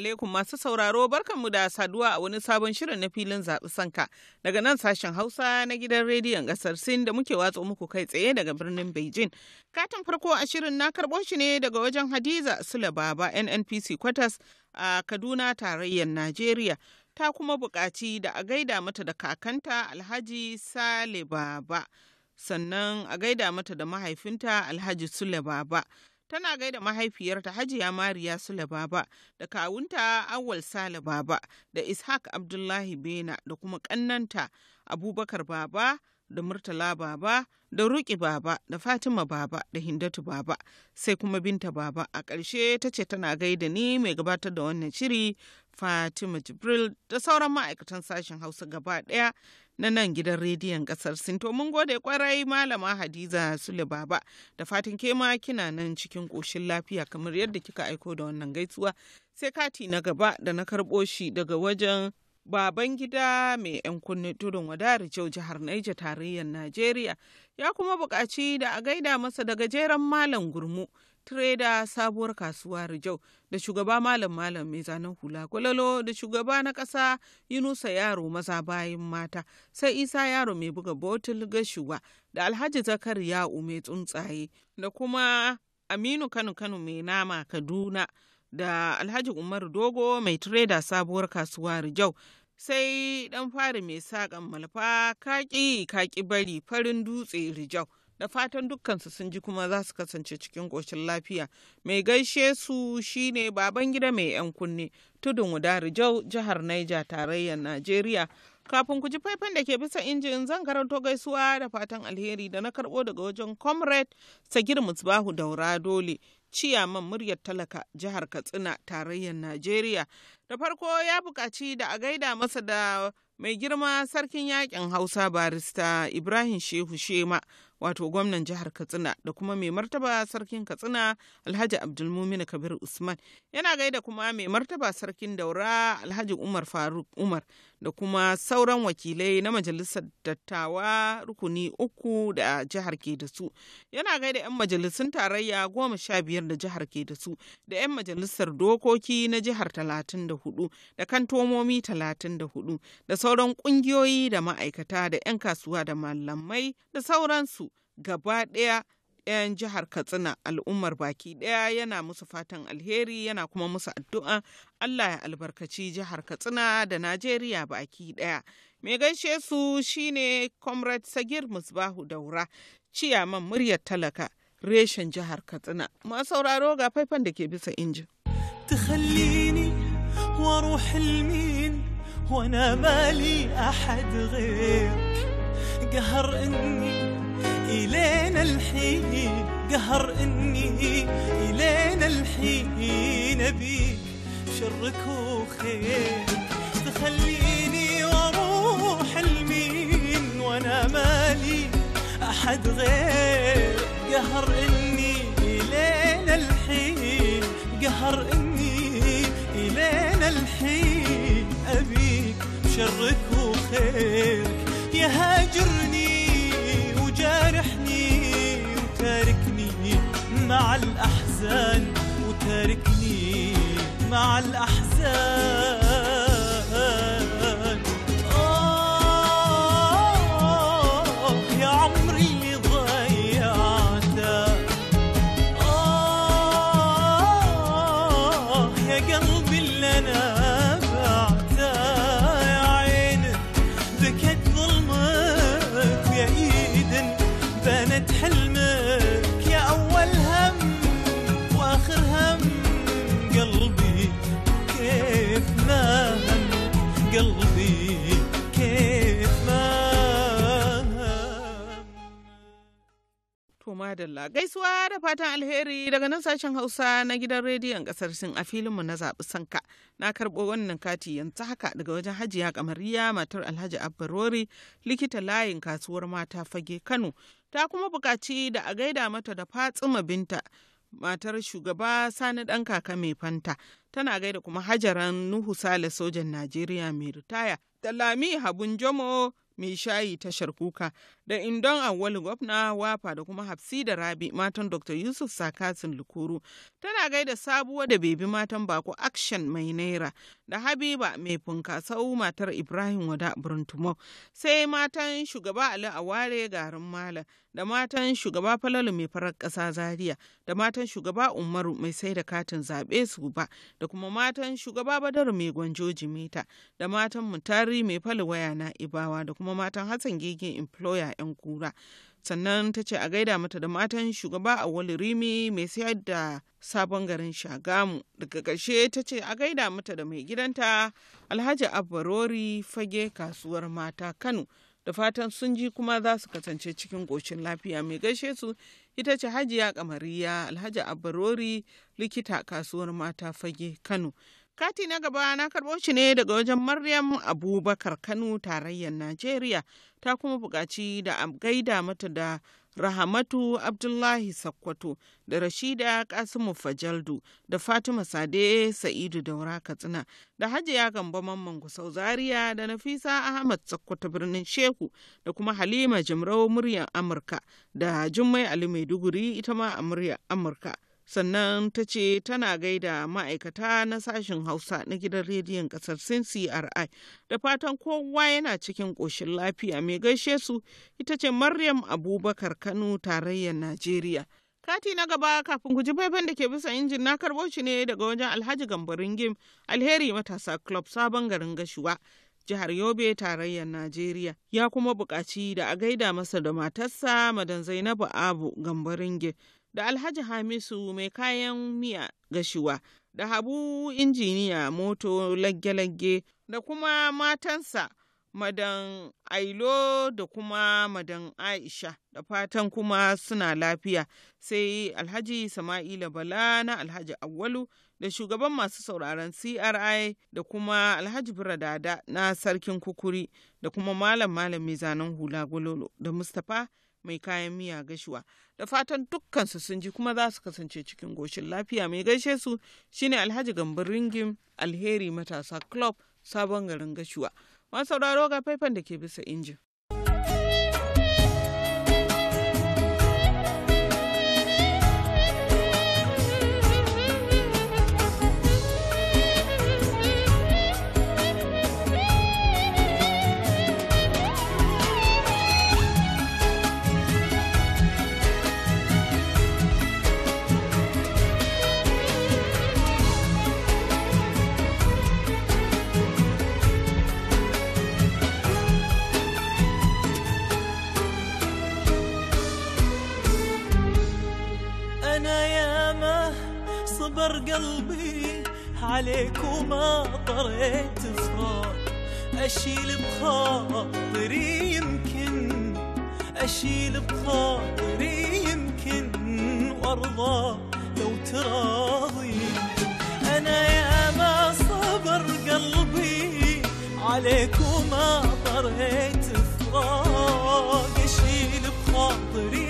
alaikum masu sauraro mu da saduwa a wani sabon shirin na filin zaɓi sanka daga nan sashen Hausa na gidan rediyon ƙasar Sin da muke watsa muku kai tsaye daga birnin Beijing. Katin farko a shirin na karɓo shi ne daga wajen Hadiza Sula Baba NNPC Kwatas a Kaduna tarayyar Najeriya. Ta kuma buƙaci da a gaida mata da kakanta Alhaji Sale Baba. sannan a gaida mata da mahaifinta alhaji sule baba tana gaida mahaifiyarta Hajiya Mariya Sule Baba da kawunta Awal Sale Baba da Ishaq Abdullahi Bena da kuma kannanta Abubakar Baba da Murtala Baba da Ruki Baba da Fatima Baba da Hindatu Baba sai kuma Binta Baba a ƙarshe ta ce tana gaida ni mai gabatar da wannan shiri Fatima Jibril da sauran ma'aikatan sashen Hausa gaba ɗaya na nan gidan rediyon ƙasar sinto mun gode kwarai malama Hadiza Sule Baba da fatan ke ma kina nan cikin ƙoshin lafiya kamar yadda kika aiko da wannan gaisuwa sai kati na gaba da na karɓo shi daga wajen baban gida mai 'yan kunne tudun wada jau jihar Naija tarayyar Najeriya ya kuma buƙaci da a gaida masa da gajeren malam gurmu tireda sabuwar kasuwa Rijau da shugaba malam malam mai zanen hula kwalolo da shugaba na ƙasa Yunusa yaro maza bayan mata sai Isa yaro mai buga botul gashuwa da Alhaji Zakar ya mai tsuntsaye da kuma Aminu Kano Kano mai nama Kaduna. da Alhaji Umaru Dogo mai tireda sabuwar kasuwa Rijau. Sai dan fari mai saƙan malfa kaƙi kaƙi bari farin dutse Rijau. Da fatan dukkansu sun ji kuma za su kasance cikin ƙoshin lafiya. Mai gaishe su shine baban gida mai 'yan kunne tudun wuda Rijau jihar Naija tarayyar Najeriya. Kafin ku ji faifan da ke bisa injin zan karanto gaisuwa da fatan alheri da na karbo daga wajen Comrade Sagir Musbahu Daura Dole. ciyaman muryar talaka jihar katsina tarayyar najeriya Da farko ya buƙaci da a gaida masa da mai girma sarkin yakin Hausa barista Ibrahim Shehu Shema wato gwamnan jihar Katsina da kuma mai martaba sarkin Katsina Alhaji Abdulmumin Kabir Usman yana gaida kuma mai martaba sarkin Daura Alhaji Umar Faruk Umar da kuma sauran wakilai na majalisar dattawa rukuni uku da jihar ke da su yana gaida 'yan majalisun tarayya goma sha biyar da jihar ke da su da 'yan majalisar dokoki na jihar talatin da 34 da kantomomi talatin da hudu da sauran kungiyoyi da ma'aikata da 'yan kasuwa da malamai da sauransu gaba ɗaya 'yan jihar katsina al'ummar baki ɗaya yana musu fatan alheri yana kuma musu addu'a allah ya albarkaci jihar katsina da najeriya baki ɗaya mai gaishe su shine comrade sagir musbahu daura ciyaman muryar talaka reshen jihar katsina masu sauraro ga faifan da ke bisa injin واروح لمين وانا مالي احد غيرك قهر اني الين الحين قهر اني الين الحين ابيك شرك وخير تخليني واروح لمين وانا مالي احد غير قهر اني الين الحين قهر اني الحين أبيك شرك وخيرك يا هاجرني وجارحني وتاركني مع الأحزان وتاركني مع الأحزان dalla gaisuwa da fatan alheri daga nan sashen hausa na gidan rediyon kasar sin a filinmu na zaɓi sanka na karɓo wannan kati yanzu haka daga wajen hajiya kamariya matar alhaji abbarori likita layin kasuwar mata fage kano ta kuma buƙaci da a gaida mata da fatsima binta matar shugaba sani ɗan kaka mai fanta tana gaida kuma hajaran nuhu sale sojan najeriya mai ritaya da lami habun jomo mai shayi tashar kuka da indon awali gwamna wafa da kuma hafsi da rabi matan dr yusuf sakasin lukuru tana gaida sabuwa da bebi matan bako action mai naira da habiba mai funkasau matar ibrahim wada burntumau sai matan shugaba ali aware garin malam da matan shugaba falalu mai farar ƙasa zaria da matan shugaba umaru mai sai da katin zaɓe su ba da kuma matan shugaba badaru mai gwanjo jimita da matan mutari mai fali waya na ibawa da kuma matan hassan gigin employer 'yan kura sannan ta ce a gaida mata da matan shugaba a wali rimi mai sayar da sabon garin shagamu daga ƙarshe ta ce a gaida mata da mai gidanta alhaji abbarori fage kasuwar mata kano da fatan sun ji kuma za su kasance cikin goshin lafiya mai gaishe su ita ce hajiya kamariya alhaji abbarori likita kasuwar mata fage kano Kati na gaba na karɓo shi ne daga wajen Maryam Abubakar Kano tarayyar Najeriya ta kuma buƙaci da gaida mata da Rahamatu Abdullahi Sakkwato da Rashida Kasimu Fajaldu da Fatima Sade Sa'idu Daura Katsina da Hajiya Gambo Mamman Gusau Zaria da Nafisa Ahmad Sakkwato birnin Shehu da kuma Halima Jimrau muryar Amurka da Jummai Ali Maiduguri ita ma a muryar Amurka. sannan ta ce tana gaida ma'aikata na sashen hausa na gidan rediyon kasar sin cri da fatan kowa yana cikin ƙoshin lafiya mai gaishe su ita ce maryam abubakar kano tarayyar najeriya kati na gaba kafin guji ji faifan da ke bisa injin na karɓo shi ne daga wajen alhaji gambarin gim alheri matasa club sabon garin gashuwa jihar Yobe tarayyar Najeriya ya kuma buƙaci da a gaida masa da matarsa madan Zainabu Abu Gambaringe da Alhaji Hamisu mai kayan miya gashiwa da Habu injiniya moto lagge-lagge da kuma matansa madan Ailo da kuma madan Aisha da fatan kuma suna lafiya sai Alhaji Sama'ila Bala na Alhaji Awwalu da shugaban masu sauraron CRI da kuma Alhaji Biradada na Sarkin Kukuri da kuma Malam Malam Mai Zanen Hula Gololo da Mustapha mai kayan miya gashuwa. da fatan dukkansu sun ji kuma za su kasance cikin goshin lafiya mai gaishe su shine alhaji gambar ringim alheri matasa club sabon garin gashuwa masu sauraro ga faifan da ke bisa injin. قلبي عليك وما طريت صار أشيل بخاطري يمكن أشيل بخاطري يمكن وأرضى لو تراضي أنا يا ما صبر قلبي عليك وما طريت فراق أشيل بخاطري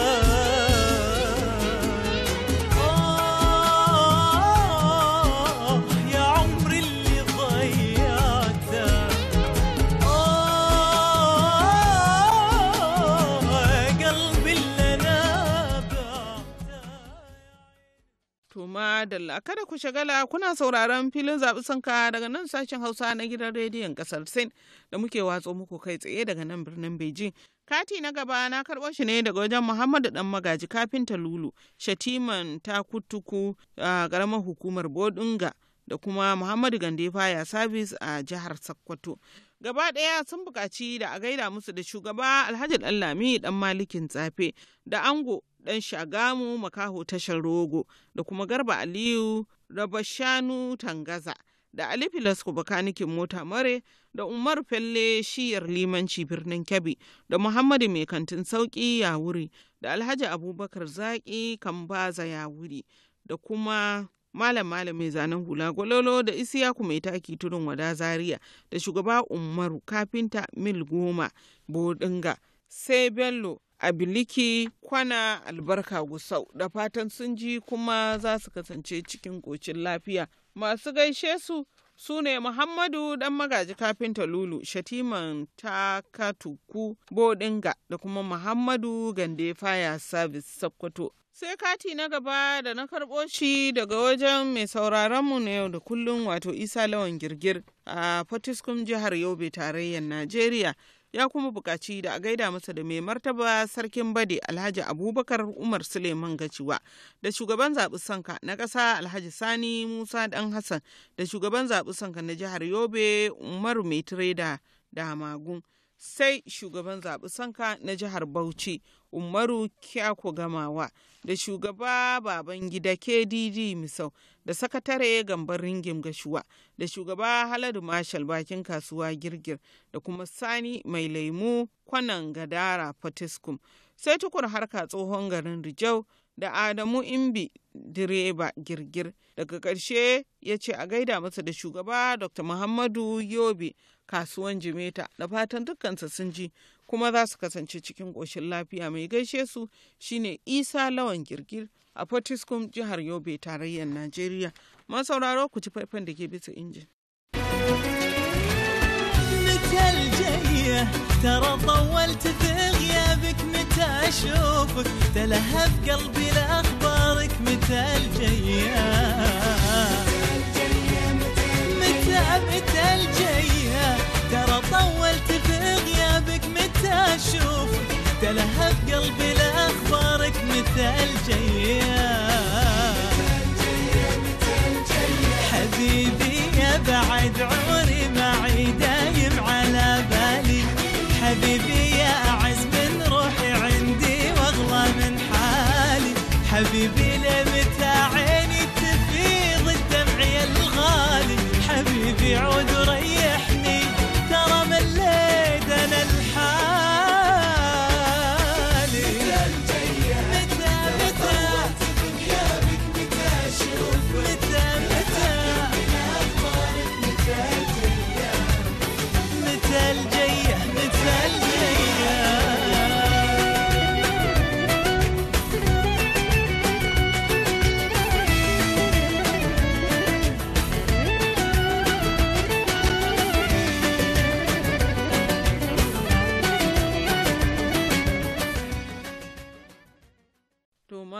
Dalla kada ku shagala kuna sauraron filin zaɓi sanka daga nan sashen hausa na gidan rediyon ƙasar sin da muke watsa muku kai tsaye daga nan birnin beijing kati na gaba na karɓo shi ne daga wajen muhammadu dan magaji kafinta lulu shatiman kutuku a ƙaramar hukumar bodunga da kuma muhammadu gandefa ya sabis a jihar sokoto gaba ɗaya sun buƙaci da a gaida musu da shugaba alhaji Lami dan malikin tsafe da ango Dan shagamu makaho tashar rogo da kuma garba aliyu rabashanu tangaza da ali filasko bakanikin mota mare da umar felle shiyar limanci birnin kebbi da muhammadu mai kantin sauki ya wuri da alhaji abubakar zaƙi kambaza ya wuri da kuma malam malam mai zanen hula gwalolo da isiyaku mai taki tudun wada zaria da shugaba umaru kafinta mil goma bodinga sai bello A biliki kwana albarka gusau da fatan sun ji kuma za su kasance cikin ƙocin lafiya masu gaishe su su ne Muhammadu dan magaji kafinta Lulu, Shatiman Takatuku Bodinga da kuma Muhammadu Gande Fire Service Sokoto. Sai kati na gaba da na karɓo shi daga wajen mai sauraronmu na yau da kullum wato Isa Lawan Girgir a Fatiskum jihar Yobe tarayyar Najeriya. ya kuma buƙaci da a gaida masa da mai martaba sarkin bade alhaji abubakar umar suleiman gaciwa da shugaban zaɓi sanka na ƙasa alhaji sani musa dan hassan da shugaban zaɓi sanka na jihar yobe umaru mai tireda da magun sai shugaban zaɓi sanka na jihar Bauchi Umaru Kyako Gamawa da shugaba baban gida KDD Misau da sakatare gambar ringim gashuwa da shugaba Haladu marshal bakin kasuwa girgir da kuma Sani mai laimu kwanan gadara Fatiskum sai tukur harka tsohon garin Rijau da Adamu Imbi direba girgir. Daga ƙarshe ya ce a gaida masa da shugaba Dr. Muhammadu Yobe kasuwan Jimeta da fatan dukkansa sun ji kuma za su kasance cikin ƙoshin lafiya mai gaishe su shine Isa Lawan Girgir a Fortiskum jihar Yobe tarayyar Najeriya. Masauraro ku ci faifan da ke bisa injin. ترى طولت ذي اشوفك تلهب قلبي لاخبارك متى الجيه متى متى الجيه ترى طولت في غيابك متى اشوفك تلهب قلبي لاخبارك متى الجيه حبيبي يا بعد عمري معي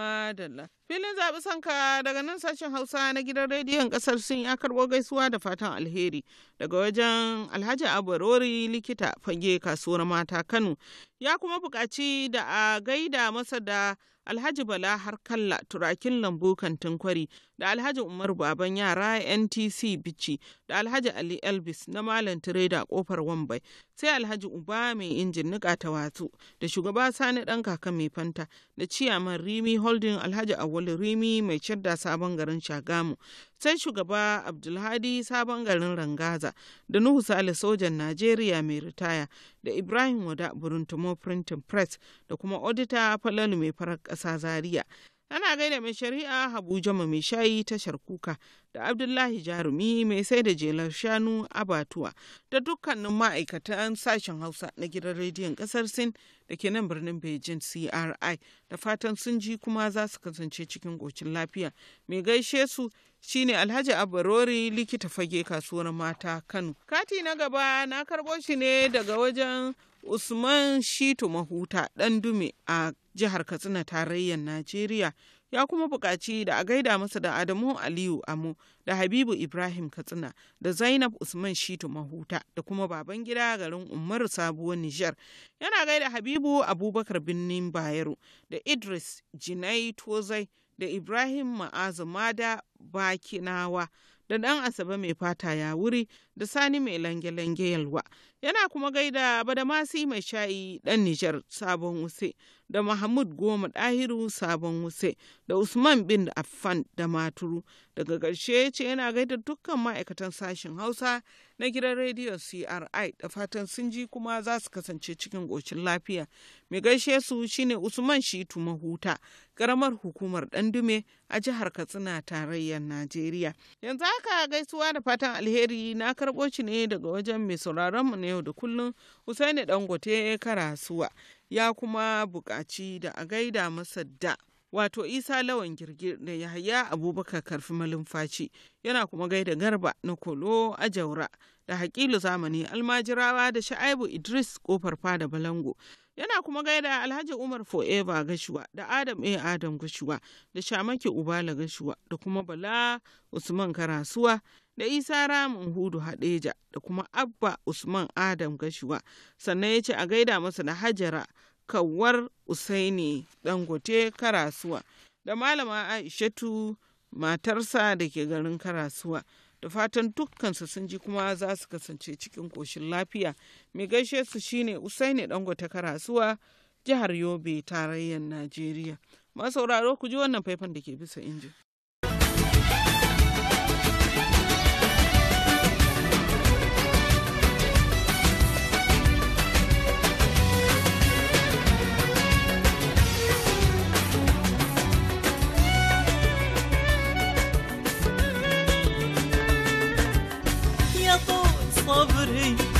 Madalla. Filin zaɓi sanka daga nan sashen Hausa na gidan rediyon ƙasar sun ya karɓo gaisuwa da fatan alheri daga wajen Alhaji Abarori likita fage kasuwar mata Kano. Ya kuma buƙaci da a gaida masa da Alhaji Bala har kalla turakin lambu kantin kwari da Alhaji umar Baban Yara NTC bichi da Alhaji Ali Elvis na Malam Tireda kofar Wambai sai Alhaji Uba mai injin nika ta watsu da shugaba Sani dan kaka mai fanta da ciyaman Rimi Holding Alhaji awol Rimi mai cidda sabon garin Shagamu sai shugaba Abdulhadi sabon garin Rangaza da Nuhu Sale sojan Najeriya mai ritaya da Ibrahim Wada Buruntumo Printing Press da kuma Odita Falalu mai farar ƙasa Zaria. Tana gaida mai shari'a Habu Jama mai shayi tashar kuka da Abdullahi Jarumi mai sai da jelar shanu abatuwa da dukkanin ma'aikatan sashen Hausa na gidan rediyon ƙasar Sin da ke nan birnin Beijing CRI da fatan sun ji kuma za su kasance cikin ƙocin lafiya. Mai gaishe su shine Alhaji Abarori likita fage kasuwar mata Kano. Kati na gaba na karɓo shi ne daga wajen Usman Shitu Mahuta ɗan dume a jihar Katsina tarayyar Najeriya ya kuma buƙaci da a gaida masa da Adamu Aliyu Amo da Habibu Ibrahim Katsina da Zainab Usman Shitu Mahuta da kuma baban gida garin Umaru Sabuwar Nijar. Yana gaida Habibu Abubakar Binnin Bayero da Idris Jinai Tozai da Ibrahim Ma'azu Mada Bakinawa da ɗan Asabe mai fata ya wuri da Sani mai lange-lange yalwa. Yana kuma gaida Badamasi mai sha'i ɗan Nijar sabon wuse da Mahmud Goma dahiru sabon wuse da Usman bin Affan da Maturu. Daga ƙarshe ce yana gaida dukkan ma'aikatan sashen Hausa na gidan rediyon CRI da fatan sun ji kuma za su kasance cikin ƙoshin lafiya. Mai gaishe su shine Usman Shitu Mahuta, karamar hukumar Ɗandume a jihar Katsina tarayyar Najeriya. Yanzu haka gaisuwa da fatan alheri na kar karɓo shi ne daga wajen mai sauraronmu na yau da kullum Usaini Dangote Karasuwa ya kuma buƙaci da a gaida masa da wato Isa Lawan Girgir da Yahaya Abubakar Karfi Malumfaci yana kuma gaida Garba na Kolo a Jaura da Hakilu Zamani Almajirawa da Sha'aibu Idris Kofar Fada Balango yana kuma gaida alhaji umar forever gashuwa da adam a adam gashuwa da shamaki ubala gashuwa da kuma bala usman karasuwa da isa ramin hudu hadeja da kuma abba usman adam gashuwa sannan ya ce a gaida masa da hajara kawar usaini dangote karasuwa da malama aishatu matarsa da ke garin karasuwa da fatan dukkansu sun ji kuma za su kasance cikin koshin lafiya mai gaishe su shine usaini dangote karasuwa jihar yobe tarayyar najeriya masauraro ku ji wannan faifan da ke bisa injin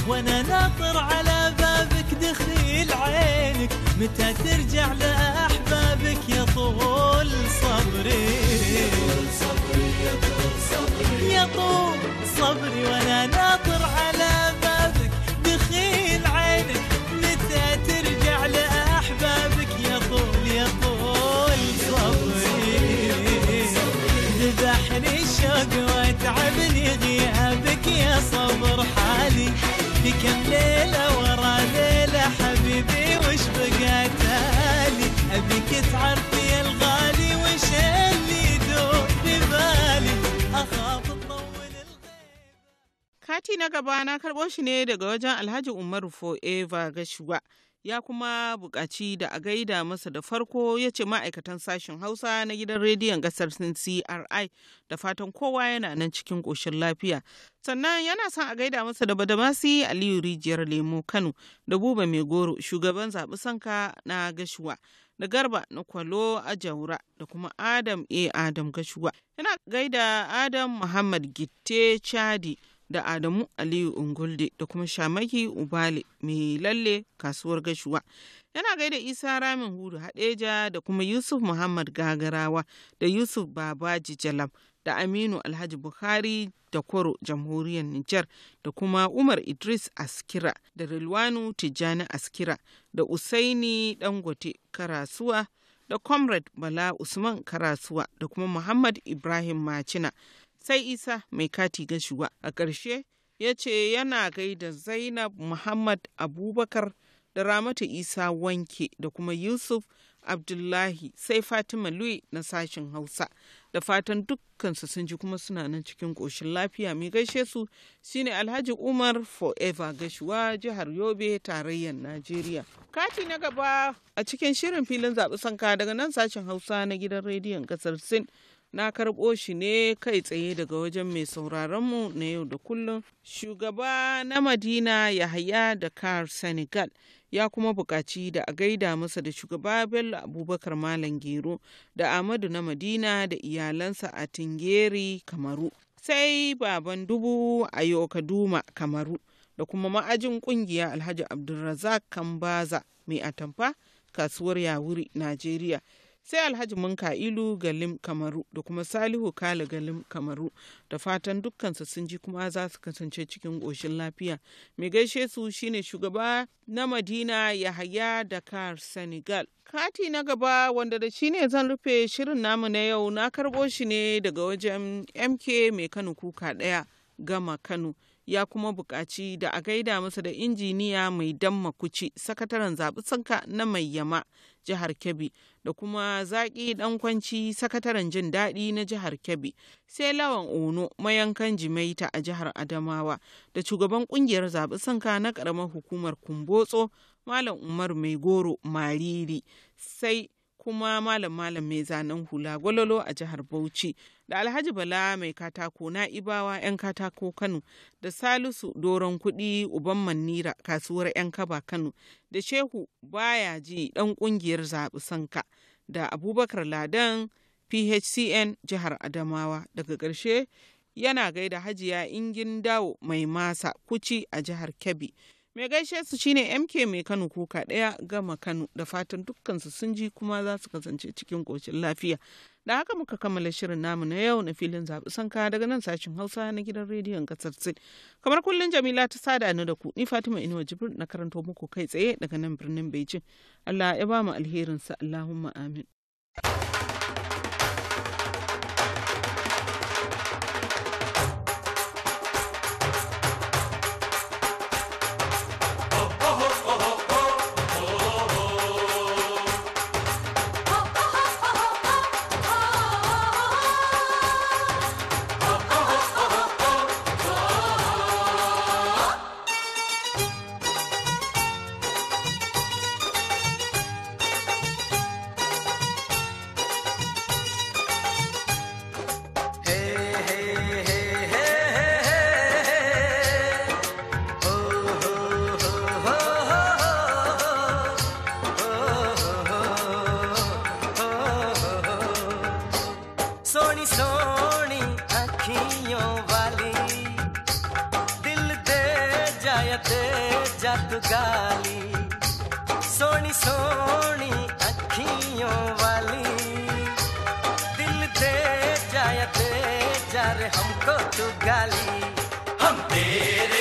وانا ناطر على بابك دخيل عينك متى ترجع لاحبابك يا طول صبري يا طول صبري صبري يا طول صبري وانا ناطر على بابك دخيل عينك متى ترجع لاحبابك يا طول يا طول صبري ذبحني الشوق وتعبني غيابك يا صبر حالي لي كم ليلة ورا ليلة حبيبي وش بقى تالي أبيك تعرفي يا الغالي وش اللي يدور في ببالي أخاف تطول الغيبة كاتي نقبانا كربوش نيدة جوجا الهاجي أمر فو إيفا غشوة ya kuma buƙaci da a gaida masa da farko ya ce ma'aikatan sashen hausa na gidan rediyon gasar cri da fatan kowa yana nan cikin ƙoshin lafiya sannan yana son a gaida masa da badamasi aliyu rijiyar lemo kano da buba mai goro shugaban zaɓi sanka na gashuwa da garba na kwalo a jaura da kuma adam a adam gashuwa yana gaida adam muhammad gitte chadi da Adamu Aliyu Ungulde da kuma Shamaki Ubale mai lalle kasuwar gashuwa. Yana gaida Isa Ramin Hudu Hadeja da kuma Yusuf Muhammad Gagarawa da Yusuf Babaji Jalam da Aminu Alhaji Bukhari da Kwaro Jamhuriyar Nijar da kuma Umar Idris Askira da Rilwanu Tijjani Askira da Usaini Dangote Karasuwa da Comrade Bala Usman Karasuwa da kuma Muhammad Ibrahim Macina sai isa mai kati gashuwa a ƙarshe ya ce yana gaida zainab muhammad abubakar da ramatu isa wanke da kuma yusuf abdullahi sai fatima lui na sashen hausa da fatan dukkansu sun ji kuma suna nan cikin ƙoshin lafiya mai gaishe su shine alhaji umar forever gashuwa jihar yobe tarayyar najeriya kati na gaba a cikin shirin filin zaɓi sanka daga nan sashen hausa na gidan rediyon ƙasar sin na karɓo shi ne kai tsaye daga wajen mai sauraron mu na yau da kullum shugaba na madina yahaya da kar senegal ya kuma buƙaci da a gaida masa da shugaba bello abubakar malam gero da amadu na madina da iyalansa a tingeri kamaru sai baban dubu a yokaduma kamaru da kuma ma'ajin ƙungiya alhaji abdulrazak kambaza mai atamfa kasuwar yawuri najeriya sai alhaji munka ilu galim kamaru da kuma salihu kala galim kamaru da fatan dukkansa sun ji kuma za su kasance cikin ƙoshin lafiya mai gaishe su shine shugaba na madina yahaya dakar senegal kati na gaba wanda da shi ne zan rufe shirin namu na yau na karbo shi ne daga wajen mk mai kano kuka daya gama kano ya kuma buƙaci da a gaida masa da injiniya mai dan makuci sakataren zaɓi-sanka na mai yama jihar kebbi da kuma zaƙi ɗan kwanci sakataren jin daɗi na jihar kebbi sai lawan ono mayankan jimaita a jihar adamawa da shugaban ƙungiyar zaɓi-sanka na ƙaramar hukumar kumbotso malam umar mai goro mariri sai kuma malam malam mai zanen hula gwalolo a jihar bauchi da alhaji bala mai katako na ibawa 'yan katako kano da salisu doron kudi uban manira kasuwar 'yan kaba kano da shehu baya ji dan kungiyar zaɓi sanka da abubakar ladan phcn jihar adamawa daga ƙarshe yana gaida hajiya ingin dawo mai masa kuci a jihar kebbi Mai gaishe su shine MK mai Kano kuka daya gama Kano da fatan dukkansu sun ji kuma za su kasance cikin ƙoshin lafiya. Da haka muka kammala shirin namu na yau na filin zaɓi sanka daga nan sashen Hausa na gidan rediyon ƙasar Sin. Kamar kullum Jamila ta sada ni da ku ni Fatima Inuwa Jibril na karanto muku kai tsaye daga nan birnin Beijing. Allah ya ba mu alherinsa Allahumma amin. गाली सोनी सोनी अखियों वाली दिल दे जाया दे जा रे हमको तू गाली हम तेरे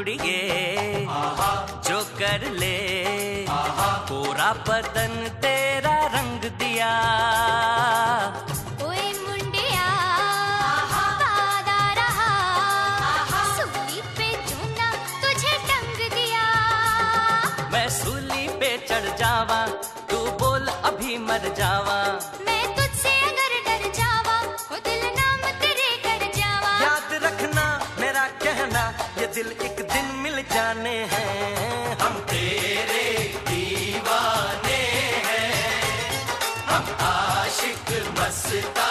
गुड़िए जो कर ले पूरा बदन तेरा रंग दिया मैं पे चढ़ जावा तू बोल अभी मर जावा मैं तुझसे अगर डर जावा दिल नाम तेरे कर जावा याद रखना मेरा कहना ये दिल जाने हैं हम तेरे दीवाने हैं हम आशिक मस्ता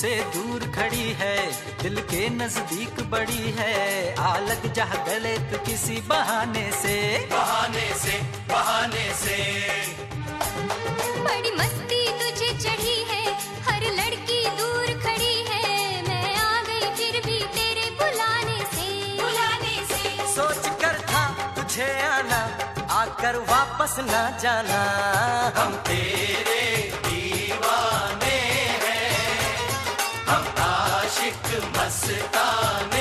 से दूर खड़ी है दिल के नजदीक बड़ी है आलग जा गले तो किसी बहाने से बहाने से बहाने से बड़ी मस्ती तुझे चढ़ी है हर लड़की दूर खड़ी है मैं आ गई फिर भी तेरे बुलाने से बुलाने से सोच कर था तुझे आना आकर वापस ना जाना हम तेरे दीवार मस्ताने